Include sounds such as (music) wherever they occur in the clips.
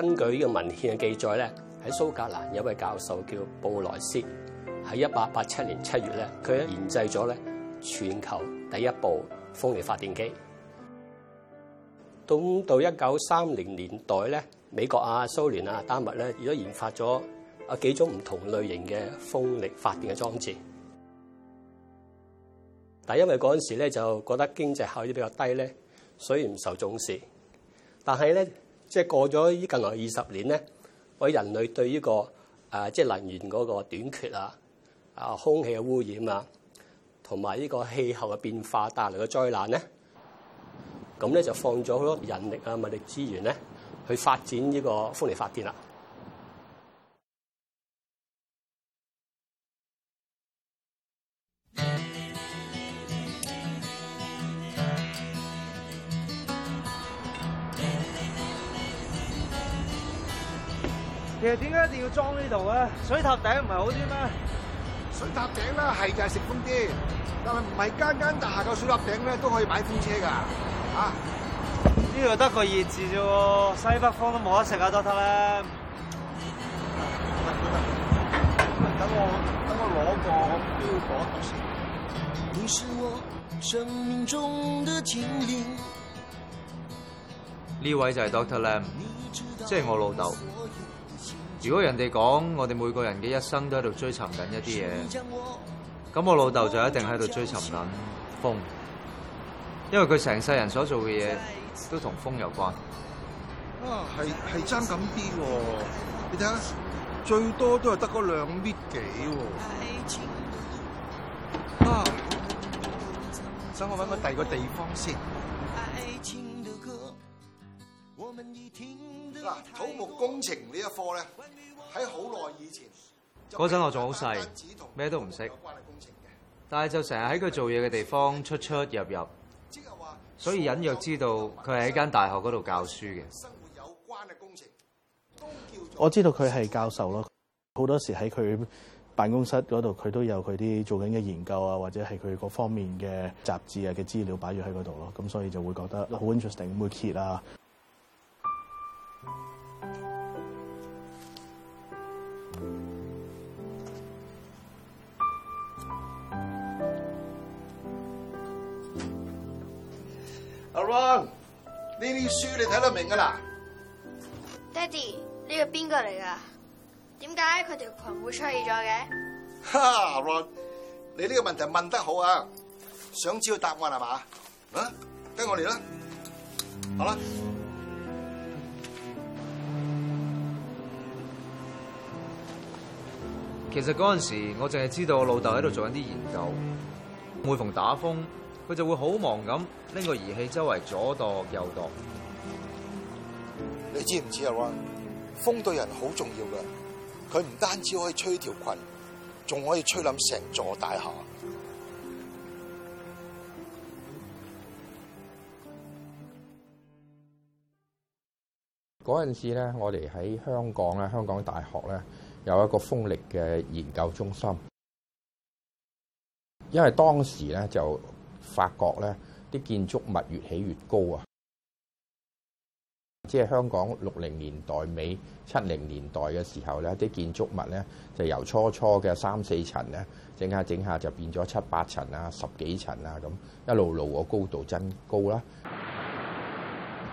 根據呢個文獻嘅記載咧，喺蘇格蘭有一位教授叫布萊斯，喺一八八七年七月咧，佢研製咗咧全球第一部風力發電機。咁到一九三零年代咧，美國啊、蘇聯啊、丹麥咧，亦都研發咗啊幾種唔同類型嘅風力發電嘅裝置。但係因為嗰陣時咧就覺得經濟效益比較低咧，所以唔受重視。但係咧，即係過咗呢近來二十年咧，我人類對呢個啊，即係能源嗰個短缺啊，啊空氣嘅污染啊，同埋呢個氣候嘅變化帶嚟嘅災難咧，咁咧就放咗好多人力啊、物力資源咧，去發展呢個風力發電啦。其實點解一定要裝呢度咧？水塔頂唔係好啲咩？水塔頂啦，係就係食風啲，但係唔係間間大廈個水塔頂咧都可以擺風車噶，吓？呢度得個熱字啫，西北方都冇得食啊，Doctor Lam。等等我，等我攞豆，要包東西。你是我生命中嘅精靈。呢位就係 Doctor Lam，即係我老豆。如果人哋講我哋每個人嘅一生都喺度追尋緊一啲嘢，咁我老豆就一定喺度追尋緊風，因為佢成世人所做嘅嘢都同風有關。啊，係係爭咁啲喎！你睇下，最多都係得嗰兩米幾喎。啊，等我揾個第二個地方先。情我嗱，土木工程這一呢一科咧，喺好耐以前沒，嗰陣我仲好細，咩都唔識。但係就成日喺佢做嘢嘅地方出出入入，所以隱約知道佢係喺間大學嗰度教書嘅。生活有關嘅工程，我知道佢係教授咯。好多時喺佢辦公室嗰度，佢都有佢啲做緊嘅研究啊，或者係佢嗰方面嘅雜誌啊嘅資料擺咗喺嗰度咯。咁所以就會覺得好 interesting，會揭啊。阿 Ron，呢啲書你睇得明噶啦？爹哋，呢個邊個嚟噶？點解佢條裙會出現咗嘅？哈，阿 Ron，你呢個問題問得好啊，想知道答案係嘛？嗯、啊，跟我嚟啦，好啦。其實嗰陣時，我淨係知道我老豆喺度做緊啲研究。每逢打風，佢就會好忙咁拎個儀器周圍左度右度。你知唔知啊？風對人好重要嘅，佢唔單止可以吹條裙，仲可以吹冧成座大廈。嗰陣時咧，我哋喺香港咧，香港大學咧，有一個風力嘅研究中心，因為當時咧就發覺咧啲建築物越起越高啊！即係香港六零年代尾，七零年代嘅時候咧，啲建築物咧就由初初嘅三四層咧整下整下就變咗七八層啊，十幾層啊咁，一路路個高度增高啦。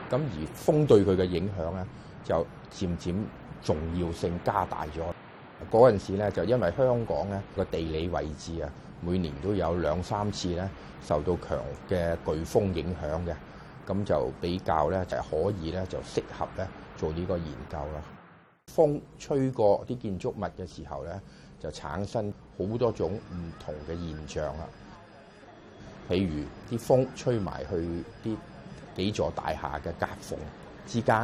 咁而風對佢嘅影響咧，就漸漸重要性加大咗。嗰陣時咧，就因為香港咧個地理位置啊，每年都有兩三次咧受到強嘅颶風影響嘅，咁就比較咧就可以咧就適合咧做呢個研究啦。風吹過啲建築物嘅時候咧，就產生好多種唔同嘅現象啊。譬如啲風吹埋去啲幾座大廈嘅夾縫之間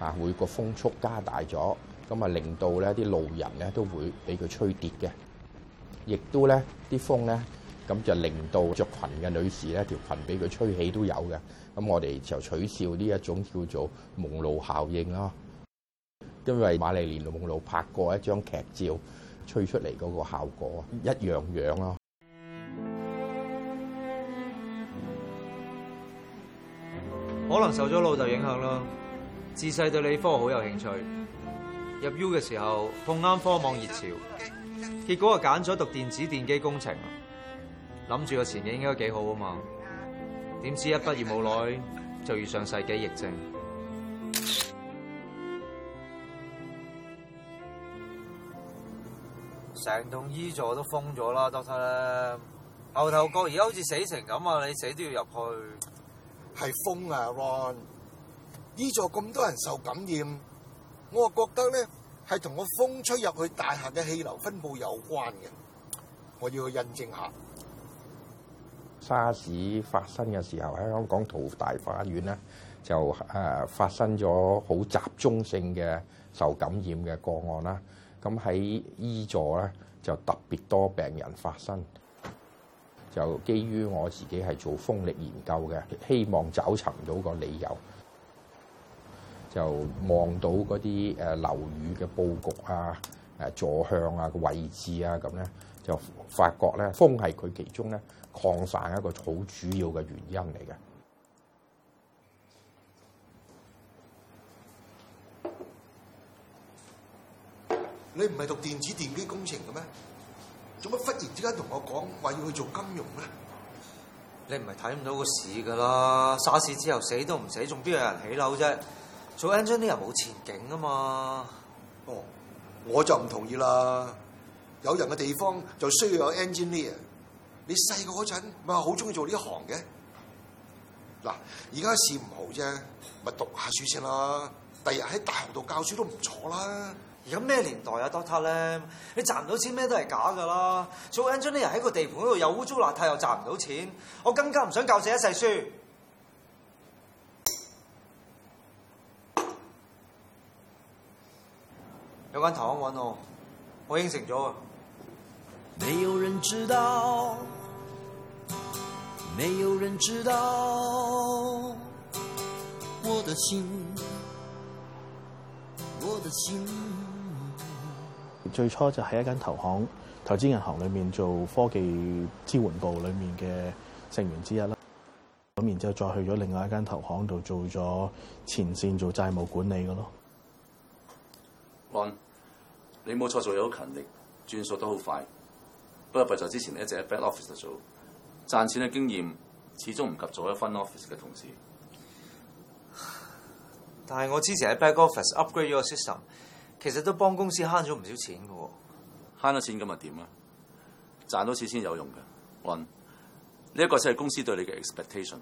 啊，每個風速加大咗。咁啊，令到咧啲路人咧都會俾佢吹跌嘅，亦都咧啲風咧，咁就令到着裙嘅女士咧條裙俾佢吹起都有嘅。咁我哋就取笑呢一種叫做夢露效應咯，因為馬麗蓮·夢露拍過一張劇照，吹出嚟嗰個效果一樣樣咯。可能受咗老豆影響咯，自細對理科好有興趣。入 U 嘅時候碰啱科網熱潮，結果啊揀咗讀電子電機工程，諗住個前景應該幾好啊嘛，點知一畢業冇耐就遇上世紀疫症，成棟 E 座都封咗啦，doctor 咧， (noise) 牛頭角而家好似死城咁啊，你死都要入去，係封啊，Ron，E 座咁多人受感染。我覺得咧係同個風吹入去大廈嘅氣流分布有關嘅，我要去印證下。沙士發生嘅時候喺香港淘大花園咧，就誒、呃、發生咗好集中性嘅受感染嘅個案啦。咁喺依座咧就特別多病人發生。就基於我自己係做風力研究嘅，希望找尋到個理由。就望到嗰啲誒樓宇嘅佈局啊、誒、啊、坐向啊嘅位置啊咁咧，就發覺咧風係佢其中咧擴散一個好主要嘅原因嚟嘅。你唔係讀電子電機工程嘅咩？做乜忽然之間同我講話要去做金融咧？你唔係睇唔到個市㗎啦？沙士之後死都唔死，仲邊有人起樓啫？做 engineer 冇前景啊嘛！哦，我就唔同意啦。有人嘅地方就需要有 engineer。你細個嗰陣咪好中意做呢行嘅。嗱，而家試唔好啫，咪讀下書先啦。第日喺大學度教書都唔錯啦。而家咩年代啊，Doctor Lam？你賺唔到錢咩都係假噶啦。做 engineer 喺個地盤嗰度又污糟邋遢又賺唔到錢，我更加唔想教死一世書。有間投行搵我，我應承咗啊！沒有人知道，沒有人知道，我的心，我的心。最初就喺一間投行、投資銀行裏面做科技支援部裏面嘅成員之一啦。咁然之後再去咗另外一間投行度做咗前線，做債務管理嘅咯。安、嗯。你冇錯，做嘢好勤力，轉數都好快。不過，就之前一直喺 back office 做，賺錢嘅經驗始終唔及做一分 office 嘅同事。但係我之前喺 back office upgrade your system，其實都幫公司慳咗唔少錢㗎喎。慳咗錢咁咪點啊？賺到錢先有用嘅。運呢一個先係公司對你嘅 expectation。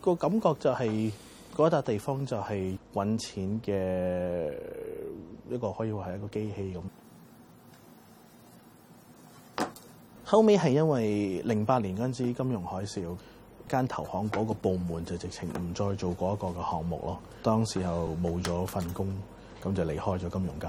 個感覺就係、是。嗰笪地方就係揾錢嘅一個，可以話係一個機器咁。後尾係因為零八年嗰陣時金融海嘯，間投行嗰個部門就直情唔再做嗰一個嘅項目咯。當時候冇咗份工，咁就離開咗金融界。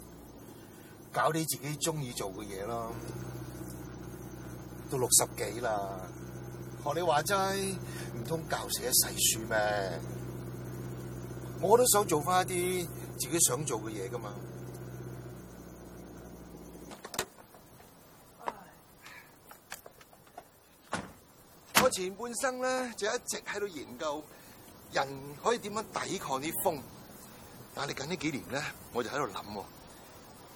搞你自己中意做嘅嘢咯，都六十幾啦。學你話齋，唔通教寫一世書咩？我都想做翻一啲自己想做嘅嘢噶嘛。我前半生咧就一直喺度研究人可以點樣抵抗啲風，但係近呢幾年咧，我就喺度諗。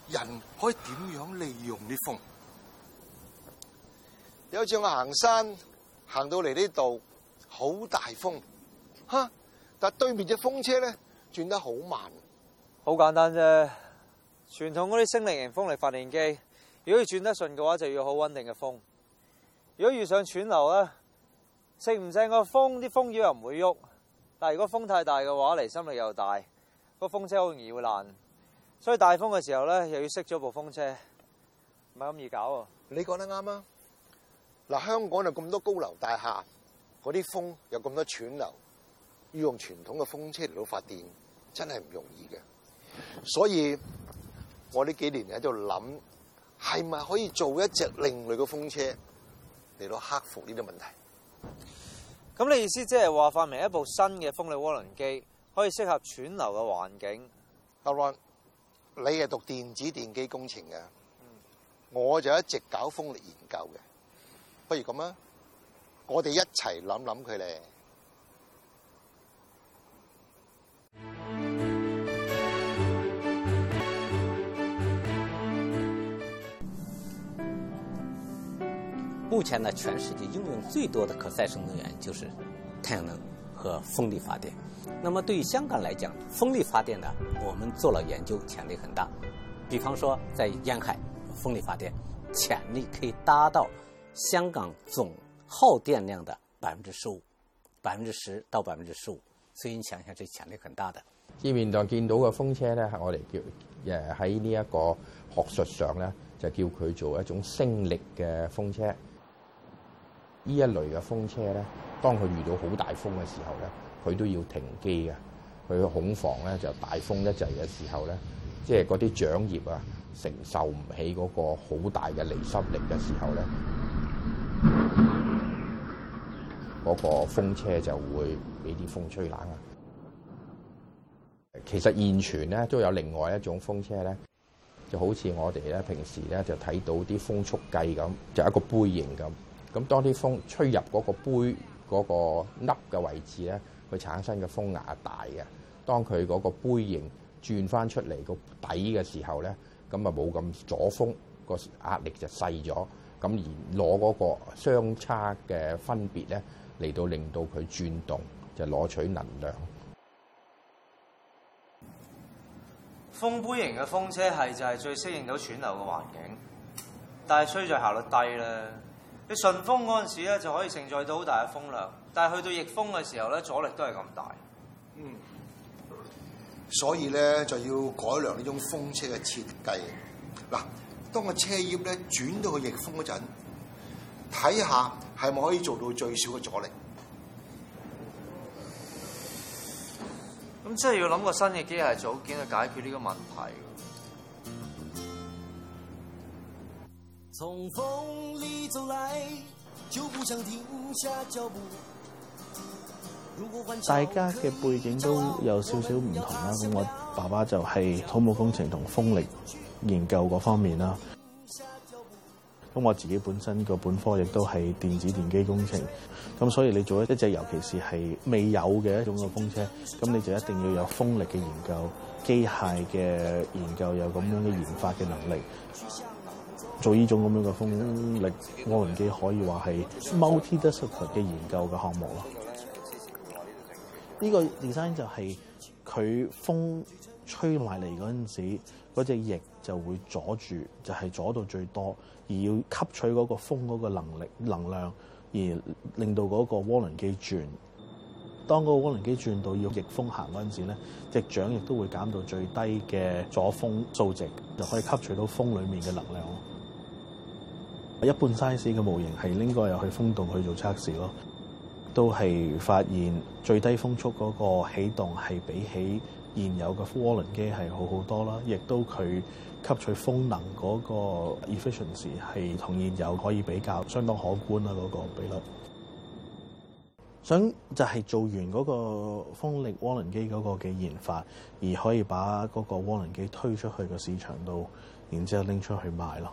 人可以點樣利用啲風？有次我行山，行到嚟呢度，好大風，吓、啊！但係對面隻風車咧轉得好慢，好簡單啫。傳統嗰啲升力型風力發電機，如果要轉得順嘅話，就要好穩定嘅風。如果遇上湍流啦，食唔正個風，啲風葉又唔會喐。但係如果風太大嘅話，離心力又大，個風車好容易會爛。所以大風嘅時候咧，又要熄咗部風車，唔係咁易搞的，講對啊。你講得啱啊！嗱，香港有咁多高樓大廈，嗰啲風有咁多喘流，要用傳統嘅風車嚟到發電，真係唔容易嘅。所以我呢幾年喺度諗，係咪可以做一隻另類嘅風車嚟到克服呢啲問題？咁你意思即係話發明一部新嘅風力渦輪機，可以適合喘流嘅環境。得啦。你係讀電子電機工程嘅，嗯、我就一直搞風力研究嘅。不如咁啊，我哋一齊諗諗佢咧。目前呢，全世界應用最多嘅可再生能源就係太陽能。和風力發電，那麼對於香港嚟講，風力發電呢，我們做了研究，潛力很大。比方說，在沿海風力發電潛力可以達到香港總耗電量的百分之十五，百分之十到百分之十五，所以你想想，這潛力很大的。前面我見到個風車呢，我哋叫誒喺呢一個學術上呢，就叫佢做一種升力嘅風車。呢一類嘅風車呢，當佢遇到好大風嘅時候咧，佢都要停機嘅。佢恐防咧就大風一滯嘅時候咧，即係嗰啲槳葉啊承受唔起嗰個好大嘅離心力嘅時候咧，嗰、嗰個風車就會俾啲風吹冷啊！其實現存咧都有另外一種風車咧，就好似我哋咧平時咧就睇到啲風速計咁，就係、一個杯型咁。咁當啲風吹入嗰個杯。嗰個凹嘅位置咧，佢產生嘅風壓大嘅。當佢嗰個杯形轉翻出嚟個底嘅時候咧，咁啊冇咁阻風，個壓力就細咗。咁而攞嗰個相差嘅分別咧，嚟到令到佢轉動，就攞取能量。風杯型嘅風車係就係最適應到湍流嘅環境，但係衰在效率低啦。你順風嗰陣時咧，就可以承載到好大嘅風量，但係去到逆風嘅時候咧，阻力都係咁大。嗯，所以咧就要改良呢種風車嘅設計。嗱，當個車葉咧轉到去逆風嗰陣，睇下係咪可以做到最少嘅阻力。咁即係要諗個新嘅機械組件去解決呢個問題。大家嘅背景都有少少唔同啦。咁我爸爸就係土木工程同風力研究嗰方面啦。咁我自己本身個本科亦都係電子電機工程。咁所以你做一一隻，尤其是係未有嘅一種嘅風車，咁你就一定要有風力嘅研究，機械嘅研究，有咁樣嘅研發嘅能力。做呢種咁樣嘅風力渦輪機，可以話係 multi-discipline 嘅研究嘅項目咯。呢、呢個 design 就係佢風吹埋嚟嗰陣時，嗰隻翼就會阻住，就係、是、阻到最多，而要吸取嗰個風嗰個能力能量，而令到嗰個渦輪機轉。當個渦輪機轉到要逆風行嗰陣時咧，隻掌亦都會減到最低嘅阻風數值，就可以吸取到風裡面嘅能量。一般 size 嘅模型係拎過入去風洞去做測試咯，都係發現最低風速嗰個起動係比起現有嘅渦輪機係好好多啦，亦都佢吸取風能嗰個 efficiency 係同現有可以比較相當可觀啦嗰個比率。想就係做完嗰個風力渦輪機嗰個嘅研發，而可以把嗰個渦輪機推出去個市場度，然之後拎出去賣咯。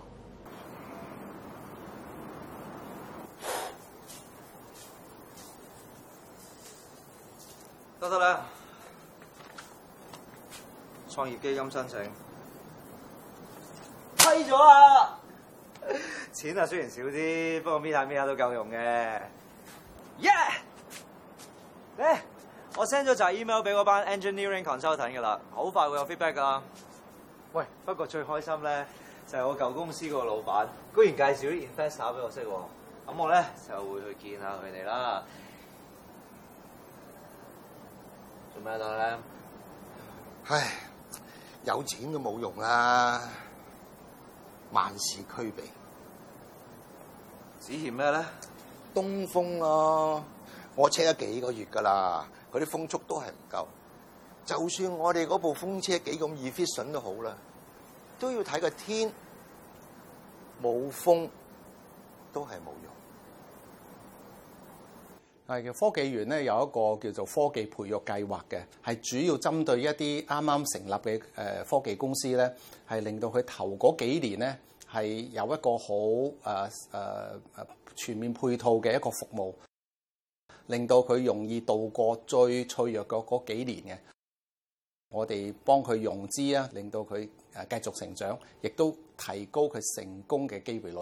創業基金申請批咗啊！錢啊，雖然少啲，不過搣下搣下都夠用嘅。耶、yeah!，e、欸、我 send 咗就係 email 俾嗰班 engineering consultant 嘅啦，好快會有 feedback 噶。喂，不過最開心咧就係我舊公司個老闆，居然介紹啲 investor 俾我識喎，咁我咧就會去見下佢哋啦。做咩咧？唉。有錢都冇用啦，萬事俱備，只欠咩咧？東風咯，我車咗幾個月噶啦，佢啲風速都係唔夠，就算我哋部風車幾咁 efficient 都好啦，都要睇個天，冇風都係冇用。係嘅，科技園咧有一個叫做科技培育計劃嘅，係主要針對一啲啱啱成立嘅誒科技公司咧，係令到佢頭嗰幾年咧係有一個好誒誒全面配套嘅一個服務，令到佢容易度過最脆弱嘅嗰幾年嘅。我哋幫佢融資啊，令到佢誒繼續成長，亦都提高佢成功嘅機會率。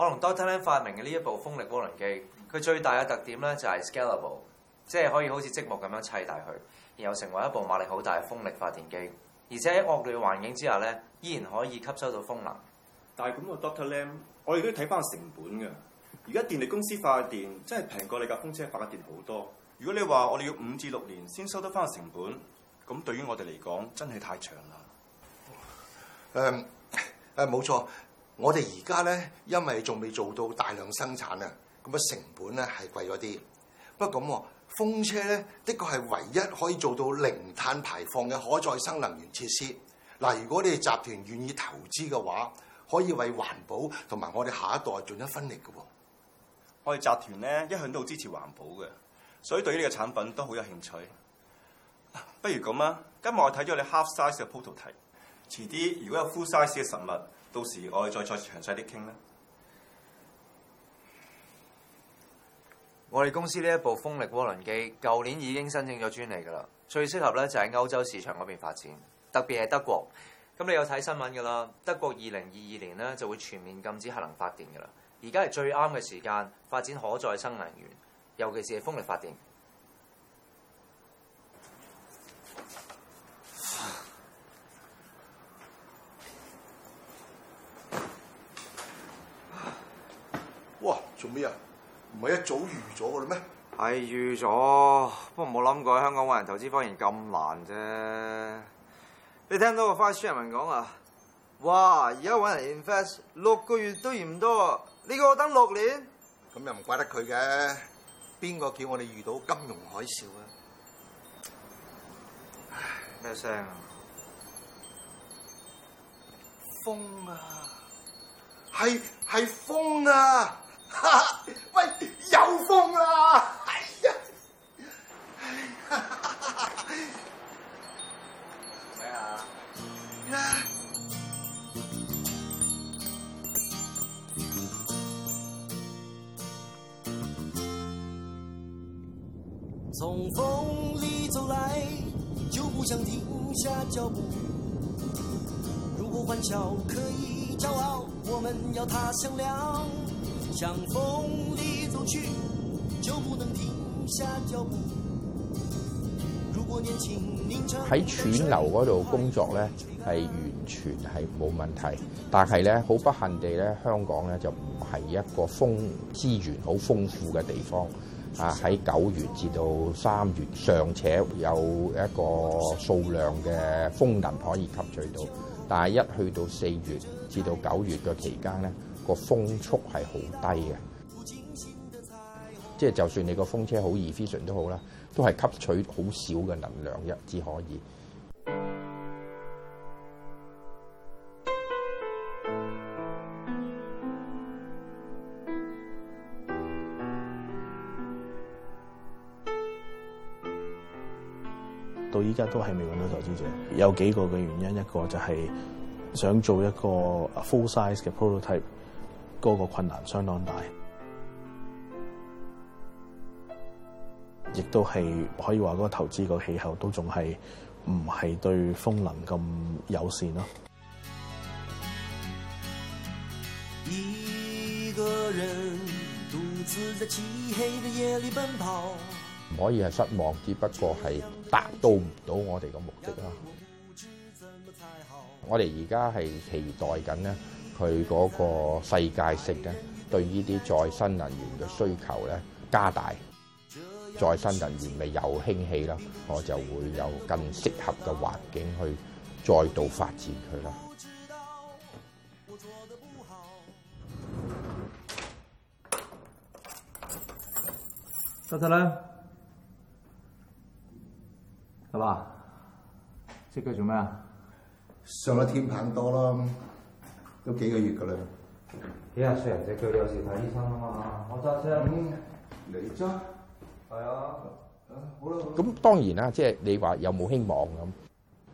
我同 Dr. Lam 發明嘅呢一部風力渦輪機，佢最大嘅特點咧就係 scalable，即係可以好似積木咁樣砌大佢，然後成為一部馬力好大嘅風力發電機，而且喺惡劣環境之下咧，依然可以吸收到風能。但係咁個 Dr. Lam，我哋都要睇翻成本㗎。而家電力公司發嘅電真係平過你架風車發嘅電好多。如果你話我哋要五至六年先收得翻成本，咁對於我哋嚟講真係太長啦。誒、嗯、誒，冇錯。我哋而家咧，因為仲未做到大量生產啊，咁嘅成本咧係貴咗啲。不過咁，風車咧，的確係唯一可以做到零碳排放嘅可再生能源設施。嗱，如果你哋集團願意投資嘅話，可以為環保同埋我哋下一代盡一分力嘅。我哋集團咧一向都好支持環保嘅，所以對於呢個產品都好有興趣。不如咁啦，今日我睇咗你 half size 嘅 prototype，遲啲如果有 full size 嘅實物。到時我哋再再詳細啲傾啦。我哋公司呢一部風力渦輪機，舊年已經申請咗專利㗎啦。最適合咧就係歐洲市場嗰邊發展，特別係德國。咁你有睇新聞㗎啦？德國二零二二年咧就會全面禁止核能發電㗎啦。而家係最啱嘅時間發展可再生能源，尤其是係風力發電。做咩啊？唔係一早預咗嘅嘞咩？係預咗，不過冇諗過香港揾人投資科研咁難啫。你聽到個花書人講啊？哇！而家揾人 invest 六個月都嫌多，啊。你叫我等六年。咁又唔怪得佢嘅，邊個叫我哋遇到金融海嘯啊？唉，咩聲啊？風啊！係係風啊！喺湍流嗰度工作咧，係完全係冇問題，但係咧，好不幸地咧，香港咧就唔係一個風資源好豐富嘅地方。啊，喺九月至到三月尚且有一個數量嘅風能可以吸取到，但係一去到四月至到九月嘅期間咧，個風速係好低嘅。即係就算你個風車好易 f 常 i n 都好啦，都係吸取好少嘅能量日至可以。到依家都係未揾到投資者，有幾個嘅原因，一個就係想做一個 full size 嘅 prototype，嗰個困難相當大。亦都係可以話嗰個投資個氣候都仲係唔係對風能咁友善咯。一個人獨自在漆黑的夜裏奔跑，唔可以係失望，只不過係達到唔到我哋嘅目的啦。我哋而家係期待緊咧，佢嗰個世界性咧，對呢啲再生能源嘅需求咧加大。再生能源咪又興起啦，我就會有更適合嘅環境去再度發展佢啦。出車啦，係嘛？隻腳做咩啊？上咗天棚多咯，都幾個月㗎啦，幾廿歲人隻腳有時睇醫生啊嘛。我揸車，你揸。係啊，咁 (music) 當然啦，即係你話有冇希望咁？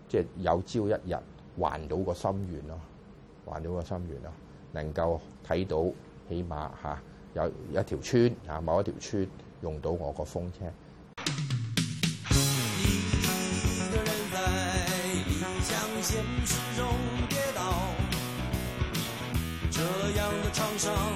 即係有朝一日還到個心願咯，還到個心願咯，能夠睇到起碼嚇有一條村嚇某一條村用到我個風車。 (music)